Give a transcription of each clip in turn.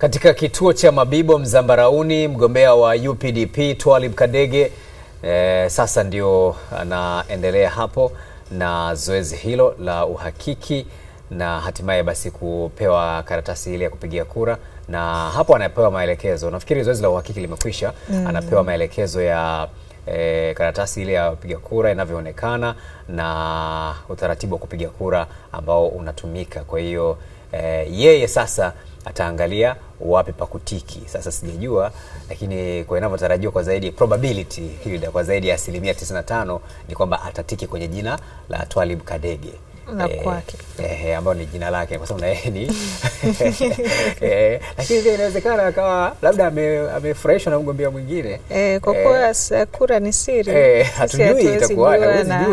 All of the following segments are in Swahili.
Katika kituo cha Mabibo Mzambarauni, mgombea wa UPDP Twalib Kadege eh, sasa ndio anaendelea hapo na zoezi hilo la uhakiki na hatimaye basi kupewa karatasi ile ya kupigia kura, na hapo anapewa maelekezo. Nafikiri zoezi la uhakiki limekwisha mm. Anapewa maelekezo ya E, karatasi ile ya kupiga kura inavyoonekana na utaratibu wa kupiga kura ambao unatumika. Kwa hiyo eh, yeye sasa ataangalia wapi pakutiki. Sasa sijajua, lakini kwa inavyotarajiwa kwa zaidi probability Hilda, kwa zaidi ya asilimia 95 ni kwamba atatiki kwenye jina la Twalib Kadege la eh, kwake eh, eh, ambao ni jina lake kwa sababu na yeye ni eh, lakini pia inawezekana akawa labda amefurahishwa na mgombea mwingine eh, kwa eh, kuwa eh, kura ni siri eh, hatujui itakuwa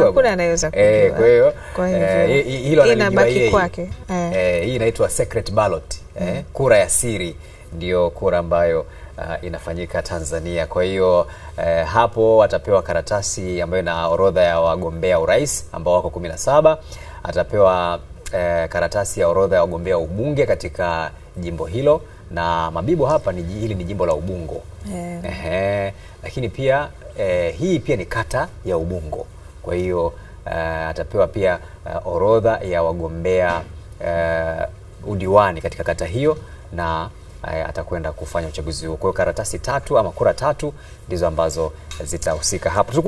hakuna anayeweza eh, kujua eh, kwa hiyo hilo analijua yeye kwake eh. eh, hii inaitwa secret ballot eh, kura ya siri ndio kura ambayo Uh, inafanyika Tanzania. Kwa hiyo eh, hapo atapewa karatasi ambayo ina orodha ya wagombea urais ambao wako 17. Atapewa eh, karatasi ya orodha ya wagombea ubunge katika jimbo hilo, na Mabibo hapa ni hili ni jimbo la Ubungo yeah. Ehe, lakini pia e, hii pia ni kata ya Ubungo. Kwa hiyo e, atapewa pia e, orodha ya wagombea e, udiwani katika kata hiyo na Eh, atakwenda kufanya uchaguzi huo. Kwa hiyo karatasi tatu ama kura tatu ndizo ambazo zitahusika hapo.